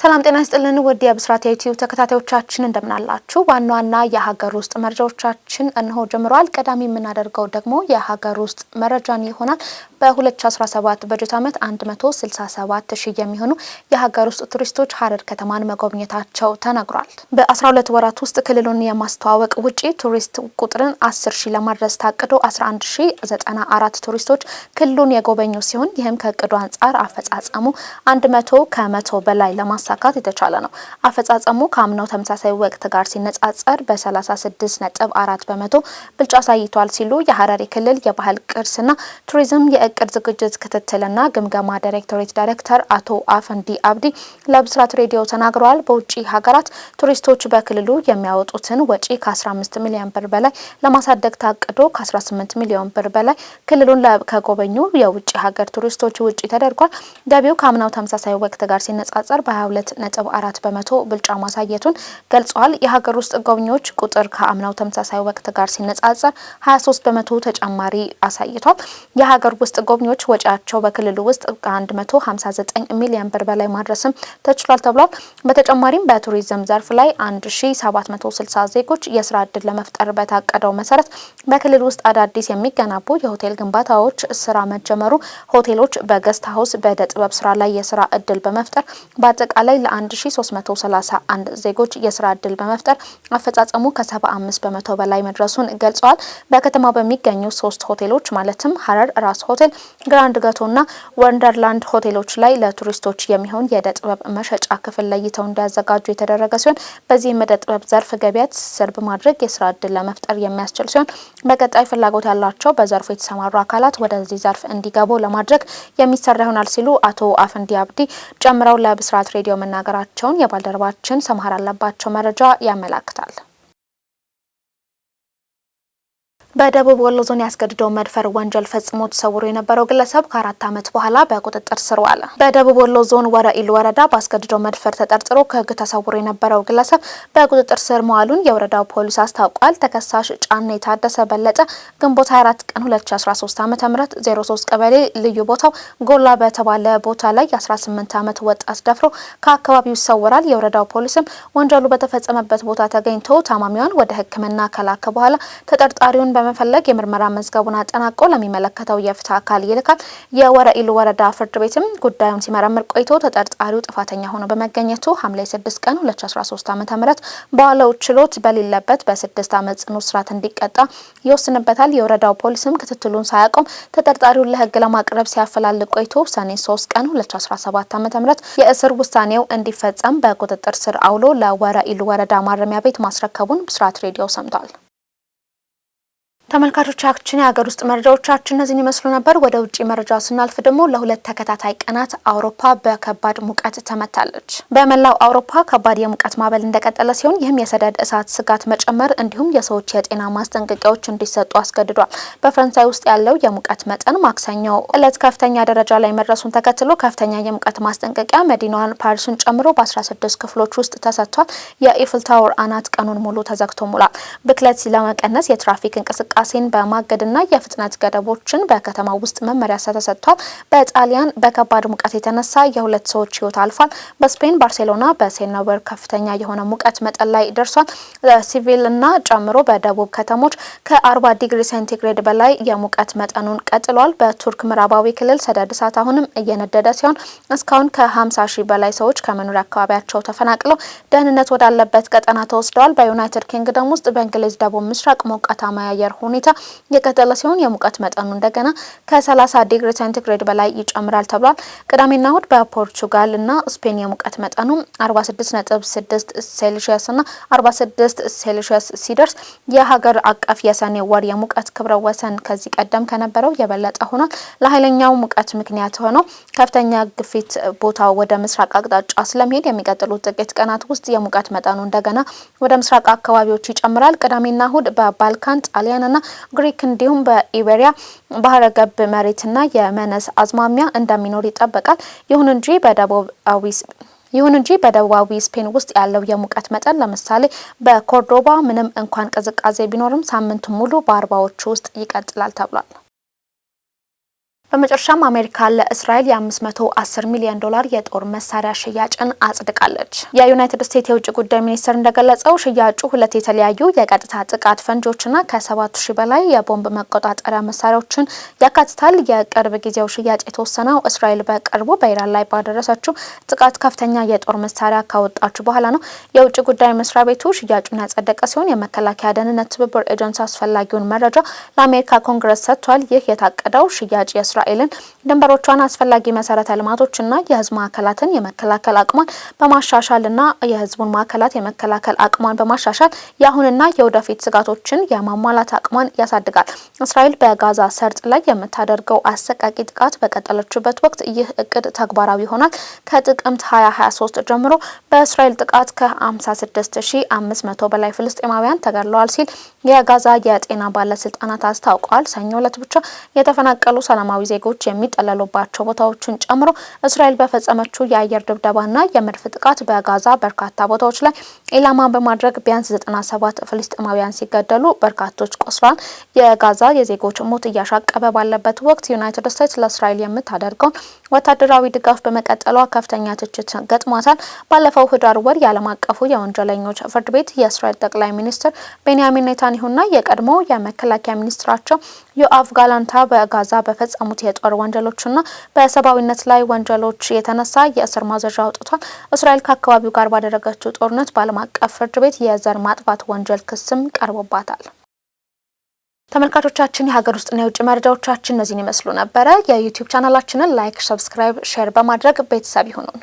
ሰላም ጤና ይስጥልን ውድ የብስራት የዩቲዩብ ተከታታዮቻችን እንደምናላችሁ። ዋና ዋና የሀገር ውስጥ መረጃዎቻችን እንሆ ጀምረዋል። ቀዳሚ የምናደርገው ደግሞ የሀገር ውስጥ መረጃን ይሆናል። በ2017 በጀት ዓመት 167 ሺህ የሚሆኑ የሀገር ውስጥ ቱሪስቶች ሀረር ከተማን መጎብኘታቸው ተነግሯል። በ12 ወራት ውስጥ ክልሉን የማስተዋወቅ ውጪ ቱሪስት ቁጥርን 10 ሺህ ለማድረስ ታቅዶ 11094 ቱሪስቶች ክልሉን የጎበኙ ሲሆን ይህም ከእቅዱ አንጻር አፈጻጸሙ 100 ከመቶ በላይ ለማሳ ለማሳካት የተቻለ ነው። አፈጻጸሙ ከአምናው ተመሳሳይ ወቅት ጋር ሲነጻጸር በ36 ነጥብ አራት በመቶ ብልጫ አሳይቷል ሲሉ የሀረሪ ክልል የባህል ቅርስና ቱሪዝም የእቅድ ዝግጅት ክትትልና ግምገማ ዳይሬክቶሬት ዳይሬክተር አቶ አፈንዲ አብዲ ለብስራት ሬዲዮ ተናግረዋል። በውጭ ሀገራት ቱሪስቶች በክልሉ የሚያወጡትን ወጪ ከ15 ሚሊዮን ብር በላይ ለማሳደግ ታቅዶ ከ18 ሚሊዮን ብር በላይ ክልሉን ከጎበኙ የውጭ ሀገር ቱሪስቶች ውጪ ተደርጓል። ገቢው ከአምናው ተመሳሳይ ወቅት ጋር ሲነጻጸር በ22 ሁለት ነጥብ አራት በመቶ ብልጫ ማሳየቱን ገልጿል። የሀገር ውስጥ ጎብኚዎች ቁጥር ከአምናው ተመሳሳይ ወቅት ጋር ሲነጻጸር 23 በመቶ ተጨማሪ አሳይቷል። የሀገር ውስጥ ጎብኚዎች ወጪያቸው በክልሉ ውስጥ ከ159 ሚሊዮን ብር በላይ ማድረስም ተችሏል ተብሏል። በተጨማሪም በቱሪዝም ዘርፍ ላይ 1760 ዜጎች የስራ እድል ለመፍጠር በታቀደው መሰረት በክልል ውስጥ አዳዲስ የሚገነቡ የሆቴል ግንባታዎች ስራ መጀመሩ ሆቴሎች በገስት ሀውስ በእደ ጥበብ ስራ ላይ የስራ እድል በመፍጠር በአጠቃላይ በአጠቃላይ ለ1331 ዜጎች የስራ እድል በመፍጠር አፈጻጸሙ ከ75 በመቶ በላይ መድረሱን ገልጸዋል። በከተማው በሚገኙ ሶስት ሆቴሎች ማለትም ሀረር ራስ ሆቴል፣ ግራንድ ገቶና ወንደርላንድ ሆቴሎች ላይ ለቱሪስቶች የሚሆን የእደ ጥበብ መሸጫ ክፍል ለይተው እንዲያዘጋጁ የተደረገ ሲሆን በዚህም እደ ጥበብ ዘርፍ ገቢያት ትስስር በማድረግ የስራ እድል ለመፍጠር የሚያስችል ሲሆን በቀጣይ ፍላጎት ያላቸው በዘርፉ የተሰማሩ አካላት ወደዚህ ዘርፍ እንዲገቡ ለማድረግ የሚሰራ ይሆናል ሲሉ አቶ አፈንዲ አብዲ ጨምረው ለብስራት ሬዲዮ ለሬዲዮ መናገራቸውን የባልደረባችን ሰምሀር አለባቸው መረጃ ያመላክታል። በደቡብ ወሎ ዞን ያስገድደው መድፈር ወንጀል ፈጽሞ ተሰውሮ የነበረው ግለሰብ ከአራት ዓመት በኋላ በቁጥጥር ስር ዋለ። በደቡብ ወሎ ዞን ወረኢል ወረዳ በአስገድደው መድፈር ተጠርጥሮ ከህግ ተሰውሮ የነበረው ግለሰብ በቁጥጥር ስር መዋሉን የወረዳው ፖሊስ አስታውቋል። ተከሳሽ ጫና የታደሰ በለጠ ግንቦት 24 ቀን 2013 ዓ ም 03 ቀበሌ ልዩ ቦታው ጎላ በተባለ ቦታ ላይ የ18 ዓመት ወጣት ደፍሮ ከአካባቢው ይሰወራል። የወረዳው ፖሊስም ወንጀሉ በተፈጸመበት ቦታ ተገኝቶ ታማሚዋን ወደ ህክምና ከላከ በኋላ ተጠርጣሪውን በመፈለግ የምርመራ መዝገቡን አጠናቆ ለሚመለከተው የፍትህ አካል ይልካል። የወረኢሉ ወረዳ ፍርድ ቤትም ጉዳዩን ሲመረምር ቆይቶ ተጠርጣሪው ጥፋተኛ ሆኖ በመገኘቱ ሐምሌ 6 ቀን 2013 ዓ.ም በዋለው ችሎት በሌለበት በስድስት ዓመት ጽኑ እስራት እንዲቀጣ ይወስንበታል። የወረዳው ፖሊስም ክትትሉን ሳያቆም ተጠርጣሪውን ለህግ ለማቅረብ ሲያፈላልቅ ቆይቶ ሰኔ 3 ቀን 2017 ም የእስር ውሳኔው እንዲፈጸም በቁጥጥር ስር አውሎ ለወረኢሉ ወረዳ ማረሚያ ቤት ማስረከቡን ብስራት ሬዲዮ ሰምቷል። ተመልካቾቻችን የሀገር ውስጥ መረጃዎቻችን እነዚህን ይመስሉ ነበር። ወደ ውጭ መረጃ ስናልፍ ደግሞ ለሁለት ተከታታይ ቀናት አውሮፓ በከባድ ሙቀት ተመታለች። በመላው አውሮፓ ከባድ የሙቀት ማዕበል እንደቀጠለ ሲሆን ይህም የሰደድ እሳት ስጋት መጨመር እንዲሁም የሰዎች የጤና ማስጠንቀቂያዎች እንዲሰጡ አስገድዷል። በፈረንሳይ ውስጥ ያለው የሙቀት መጠን ማክሰኞ እለት ከፍተኛ ደረጃ ላይ መድረሱን ተከትሎ ከፍተኛ የሙቀት ማስጠንቀቂያ መዲናዋን ፓሪስን ጨምሮ በ16 ክፍሎች ውስጥ ተሰጥቷል። የኢፍል ታወር አናት ቀኑን ሙሉ ተዘግቶ ሙሏል። ብክለት ለመቀነስ የትራፊክ እንቅስቃሴ እንቅስቃሴን በማገድና የፍጥነት ገደቦችን በከተማ ውስጥ መመሪያ ተሰጥቷል። በጣሊያን በከባድ ሙቀት የተነሳ የሁለት ሰዎች ህይወት አልፏል። በስፔን ባርሴሎና በሴኖበር ከፍተኛ የሆነ ሙቀት መጠን ላይ ደርሷል። ሲቪልና ጨምሮ በደቡብ ከተሞች ከ40 ዲግሪ ሴንቲግሬድ በላይ የሙቀት መጠኑን ቀጥሏል። በቱርክ ምዕራባዊ ክልል ሰደድ እሳት አሁንም እየነደደ ሲሆን እስካሁን ከ50 ሺህ በላይ ሰዎች ከመኖሪያ አካባቢያቸው ተፈናቅለው ደህንነት ወዳለበት ቀጠና ተወስደዋል። በዩናይትድ ኪንግደም ውስጥ በእንግሊዝ ደቡብ ምስራቅ ሞቃታማ አየር ሁኔታ የቀጠለ ሲሆን የሙቀት መጠኑ እንደገና ከ30 ዲግሪ ሴንቲግሬድ በላይ ይጨምራል ተብሏል። ቅዳሜና እሁድ በፖርቹጋል እና ስፔን የሙቀት መጠኑ 46.6 ሴልሺየስ እና 46 ሴልሺየስ ሲደርስ የሀገር አቀፍ የሰኔ ወር የሙቀት ክብረ ወሰን ከዚህ ቀደም ከነበረው የበለጠ ሆኗል። ለኃይለኛው ሙቀት ምክንያት ሆነው ከፍተኛ ግፊት ቦታ ወደ ምስራቅ አቅጣጫ ስለሚሄድ የሚቀጥሉት ጥቂት ቀናት ውስጥ የሙቀት መጠኑ እንደገና ወደ ምስራቅ አካባቢዎች ይጨምራል። ቅዳሜና እሁድ በባልካን ጣሊያን ግሪክ እንዲሁም በኢቤሪያ ባህረ ገብ መሬትና የመነስ አዝማሚያ እንደሚኖር ይጠበቃል። ይሁን እንጂ በደቡባዊ ይሁን እንጂ በደቡባዊ ስፔን ውስጥ ያለው የሙቀት መጠን ለምሳሌ በኮርዶባ ምንም እንኳን ቅዝቃዜ ቢኖርም ሳምንቱ ሙሉ በአርባዎቹ ውስጥ ይቀጥላል ተብሏል። በመጨረሻም አሜሪካ ለእስራኤል የ510 ሚሊዮን ዶላር የጦር መሳሪያ ሽያጭን አጽድቃለች። የዩናይትድ ስቴትስ የውጭ ጉዳይ ሚኒስትር እንደገለጸው ሽያጩ ሁለት የተለያዩ የቀጥታ ጥቃት ፈንጆችና ከ7000 በላይ የቦምብ መቆጣጠሪያ መሳሪያዎችን ያካትታል። የቅርብ ጊዜው ሽያጭ የተወሰነው እስራኤል በቅርቡ በኢራን ላይ ባደረሰችው ጥቃት ከፍተኛ የጦር መሳሪያ ካወጣችሁ በኋላ ነው። የውጭ ጉዳይ መስሪያ ቤቱ ሽያጩን ያጸደቀ ሲሆን የመከላከያ ደህንነት ትብብር ኤጀንሲ አስፈላጊውን መረጃ ለአሜሪካ ኮንግረስ ሰጥቷል። ይህ የታቀደው ሽያጭ እስራኤልን ድንበሮቿን፣ አስፈላጊ መሰረተ ልማቶችና የህዝብ ማዕከላትን የመከላከል አቅሟን በማሻሻልና የህዝቡን ማዕከላት የመከላከል አቅሟን በማሻሻል የአሁንና የወደፊት ስጋቶችን የማሟላት አቅሟን ያሳድጋል። እስራኤል በጋዛ ሰርጥ ላይ የምታደርገው አሰቃቂ ጥቃት በቀጠለችበት ወቅት ይህ እቅድ ተግባራዊ ይሆናል። ከጥቅምት 2023 ጀምሮ በእስራኤል ጥቃት ከ56500 በላይ ፍልስጤማውያን ተገድለዋል ሲል የጋዛ የጤና ባለስልጣናት አስታውቋል። ሰኞ እለት ብቻ የተፈናቀሉ ሰላማዊ ዜጎች የሚጠለሉባቸው ቦታዎችን ጨምሮ እስራኤል በፈጸመችው የአየር ድብደባና የመድፍ ጥቃት በጋዛ በርካታ ቦታዎች ላይ ኢላማ በማድረግ ቢያንስ 97 ፍልስጤማውያን ሲገደሉ በርካቶች ቆስሏል። የጋዛ የዜጎች ሞት እያሻቀበ ባለበት ወቅት ዩናይትድ ስቴትስ ለእስራኤል የምታደርገውን ወታደራዊ ድጋፍ በመቀጠሏ ከፍተኛ ትችት ገጥሟታል። ባለፈው ህዳር ወር የዓለም አቀፉ የወንጀለኞች ፍርድ ቤት የእስራኤል ጠቅላይ ሚኒስትር ቤንያሚን ኔታንያሁና የቀድሞ የመከላከያ ሚኒስትራቸው ዮአቭ ጋላንታ በጋዛ በፈጸሙት በሚገኙት የጦር ወንጀሎችና በሰብአዊነት ላይ ወንጀሎች የተነሳ የእስር ማዘዣ አውጥቷል። እስራኤል ከአካባቢው ጋር ባደረገችው ጦርነት በዓለም አቀፍ ፍርድ ቤት የዘር ማጥፋት ወንጀል ክስም ቀርቦባታል። ተመልካቾቻችን የሀገር ውስጥና የውጭ መረጃዎቻችን እነዚህን ይመስሉ ነበረ። የዩቲዩብ ቻናላችንን ላይክ፣ ሰብስክራይብ፣ ሼር በማድረግ ቤተሰብ ይሁኑን።